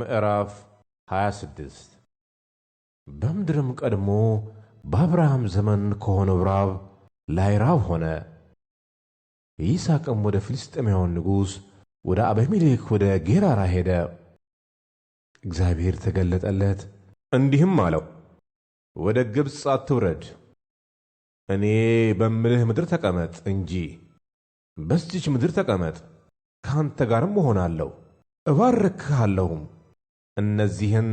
ምዕራፍ 26 በምድርም ቀድሞ በአብርሃም ዘመን ከሆነው ራብ ላይ ራብ ሆነ። ይስሐቅም ወደ ፍልስጥኤማውያን ንጉሥ ወደ አቤሜሌክ ወደ ጌራራ ሄደ። እግዚአብሔር ተገለጠለት እንዲህም አለው፣ ወደ ግብፅ አትውረድ፣ እኔ በምልህ ምድር ተቀመጥ እንጂ በዚች ምድር ተቀመጥ፣ ከአንተ ጋርም እሆናለሁ፣ እባርክሃለሁም እነዚህን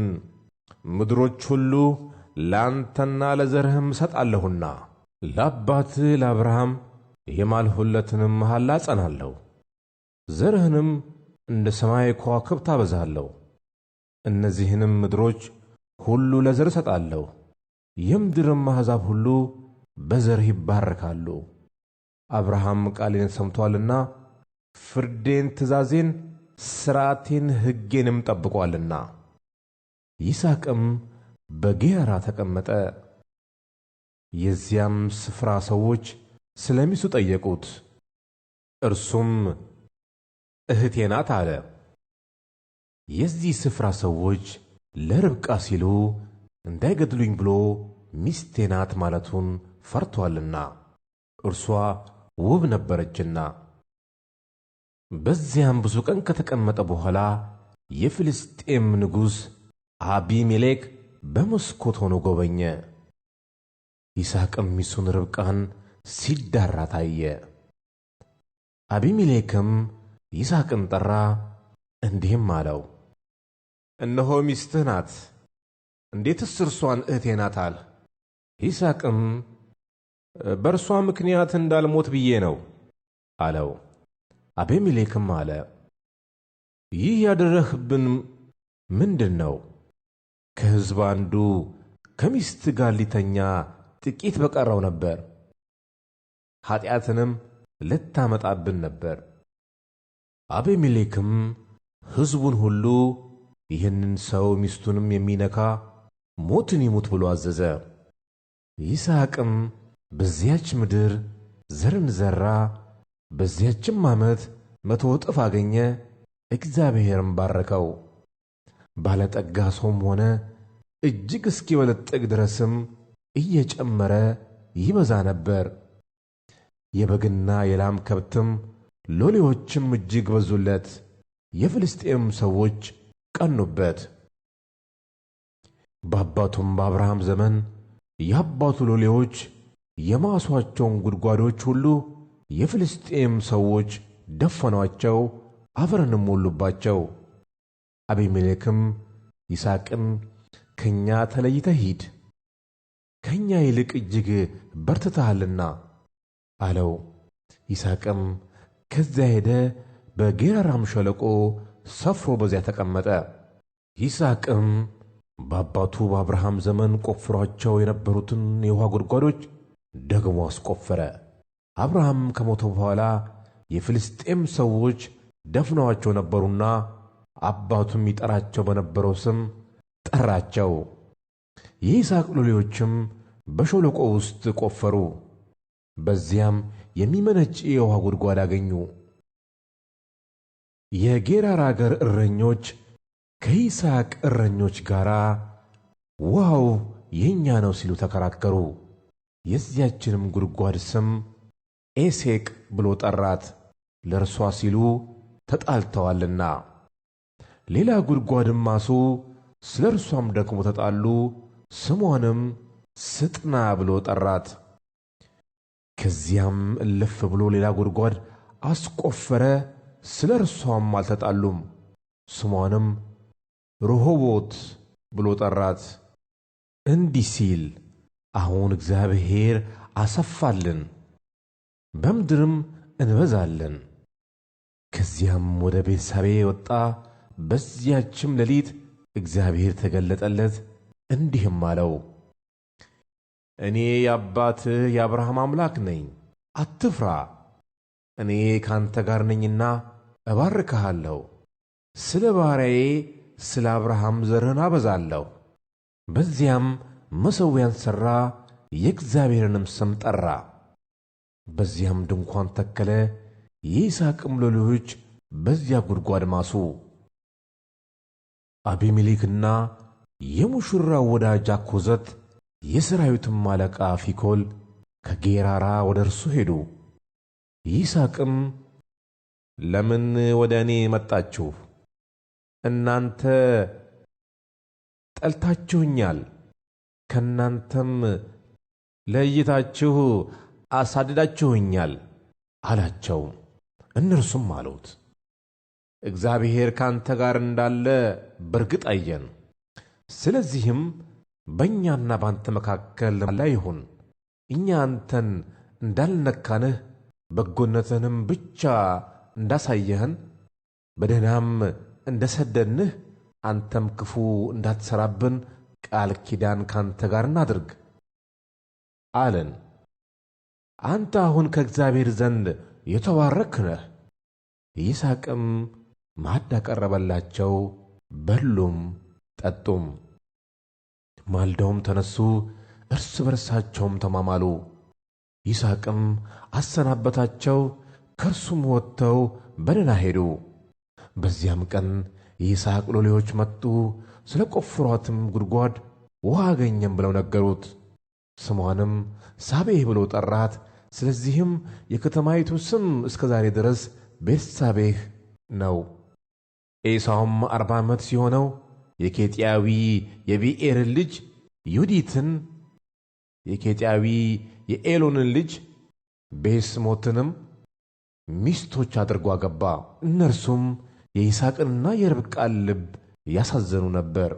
ምድሮች ሁሉ ላንተና ለዘርህም እሰጣለሁና ለአባት ለአብርሃም የማልሁለትንም መሐላ አጸናለሁ፣ ዘርህንም እንደ ሰማይ ከዋክብት አበዛለሁ። እነዚህንም ምድሮች ሁሉ ለዘር እሰጣለሁ፣ የምድርም አሕዛብ ሁሉ በዘርህ ይባረካሉ። አብርሃም ቃሌን ሰምቶአልና ፍርዴን፣ ትእዛዜን ሥርዓቴን ሕጌንም ጠብቆአልና። ይስሐቅም በጌራ ተቀመጠ። የዚያም ስፍራ ሰዎች ስለ ሚስቱ ጠየቁት። እርሱም እህቴ ናት አለ። የዚህ ስፍራ ሰዎች ለርብቃ ሲሉ እንዳይገድሉኝ ብሎ ሚስቴ ናት ማለቱን ፈርቶአልና እርሷ ውብ ነበረችና። በዚያም ብዙ ቀን ከተቀመጠ በኋላ የፍልስጤም ንጉሥ አቢሜሌክ በመስኮት ሆኖ ጎበኘ። ይስሐቅም ሚስቱን ርብቃን ሲዳራ ታየ። አቢሜሌክም ይስሐቅን ጠራ፣ እንዲህም አለው፦ እነሆ ሚስትህ ናት፤ እንዴትስ እርሷን እህቴ ናት አል ይስሐቅም በእርሷ ምክንያት እንዳልሞት ብዬ ነው አለው። አቤሜሌክም አለ፣ ይህ ያደረህብን ምንድን ነው? ከሕዝብ አንዱ ከሚስት ጋር ሊተኛ ጥቂት በቀረው ነበር፣ ኀጢአትንም ልታመጣብን ነበር። አቤሜሌክም ሕዝቡን ሁሉ ይህንን ሰው ሚስቱንም የሚነካ ሞትን ይሙት ብሎ አዘዘ። ይስሐቅም በዚያች ምድር ዘርን ዘራ፣ በዚያችም ዓመት መቶ እጥፍ አገኘ፣ እግዚአብሔርም ባረከው። ባለጠጋ ሰውም ሆነ፣ እጅግ እስኪበለጥግ ድረስም እየጨመረ ይበዛ ነበር። የበግና የላም ከብትም ሎሌዎችም እጅግ በዙለት። የፍልስጤም ሰዎች ቀኑበት። በአባቱም በአብርሃም ዘመን የአባቱ ሎሌዎች የማሷቸውን ጉድጓዶች ሁሉ የፍልስጤም ሰዎች ደፈኗቸው፣ አፈርንም ሞሉባቸው። አቤሜሌክም ይስሐቅን ከእኛ ተለይተ ሂድ፣ ከእኛ ይልቅ እጅግ በርትተሃልና አለው። ይስሐቅም ከዚያ ሄደ፣ በጌራራም ሸለቆ ሰፍሮ በዚያ ተቀመጠ። ይስሐቅም በአባቱ በአብርሃም ዘመን ቆፍሯቸው የነበሩትን የውሃ ጉድጓዶች ደግሞ አስቆፈረ። አብርሃም ከሞተ በኋላ የፍልስጤም ሰዎች ደፍነዋቸው ነበሩና አባቱም ይጠራቸው በነበረው ስም ጠራቸው። የይስሐቅ ሎሌዎችም በሸለቆ ውስጥ ቆፈሩ፣ በዚያም የሚመነጭ የውሃ ጉድጓድ አገኙ። የጌራር አገር እረኞች ከይስሐቅ እረኞች ጋር ውሃው የእኛ ነው ሲሉ ተከራከሩ። የዚያችንም ጉድጓድ ስም ኤሴቅ ብሎ ጠራት፣ ለእርሷ ሲሉ ተጣልተዋልና። ሌላ ጉድጓድም ማሱ፣ ስለ እርሷም ደግሞ ተጣሉ፣ ስሟንም ስጥና ብሎ ጠራት። ከዚያም እልፍ ብሎ ሌላ ጉድጓድ አስቆፈረ፣ ስለ እርሷም አልተጣሉም፣ ስሟንም ርሆቦት ብሎ ጠራት። እንዲህ ሲል አሁን እግዚአብሔር አሰፋልን በምድርም እንበዛለን። ከዚያም ወደ ቤርሳቤ ወጣ። በዚያችም ሌሊት እግዚአብሔር ተገለጠለት፣ እንዲህም አለው፦ እኔ የአባትህ የአብርሃም አምላክ ነኝ፣ አትፍራ፣ እኔ ካንተ ጋር ነኝና እባርክሃለሁ። ስለ ባሪያዬ ስለ አብርሃም ዘርህን አበዛለሁ። በዚያም መሠዊያን ሠራ፣ የእግዚአብሔርንም ስም ጠራ። በዚያም ድንኳን ተከለ። የይስሐቅም ሎሌዎች በዚያ ጉድጓድ ማሱ። አቢሜሌክና የሙሽራው ወዳጅ አኮዘት የሠራዊትም አለቃ ፊኮል ከጌራራ ወደ እርሱ ሄዱ። ይስሐቅም ለምን ወደ እኔ መጣችሁ? እናንተ ጠልታችሁኛል፣ ከእናንተም ለይታችሁ አሳድዳችሁኛል አላቸው። እነርሱም አሉት፣ እግዚአብሔር ካንተ ጋር እንዳለ በርግጥ አየን። ስለዚህም በእኛና በአንተ መካከል ላይ ይሁን። እኛ አንተን እንዳልነካንህ በጎነትህንም ብቻ እንዳሳየህን በደህናም እንደሰደንህ አንተም ክፉ እንዳትሰራብን ቃል ኪዳን ካንተ ጋር እናድርግ አለን። አንተ አሁን ከእግዚአብሔር ዘንድ የተባረክ ነህ። ይስሐቅም ማዕድ አቀረበላቸው፣ በሉም ጠጡም። ማልደውም ተነሱ፣ እርስ በርሳቸውም ተማማሉ። ይስሐቅም አሰናበታቸው፣ ከእርሱም ወጥተው በደና ሄዱ። በዚያም ቀን የይስሐቅ ሎሌዎች መጡ፣ ስለ ቆፍሯትም ጉድጓድ ውሃ አገኘም ብለው ነገሩት። ስሟንም ሳቤህ ብሎ ጠራት። ስለዚህም የከተማይቱ ስም እስከ ዛሬ ድረስ ቤርሳቤህ ነው። ኤሳውም አርባ ዓመት ሲሆነው የኬጢያዊ የቢኤርን ልጅ ዩዲትን የኬጢያዊ የኤሎንን ልጅ ቤስሞትንም ሚስቶች አድርጎ አገባ። እነርሱም የይስሐቅንና የርብቃን ልብ ያሳዘኑ ነበር።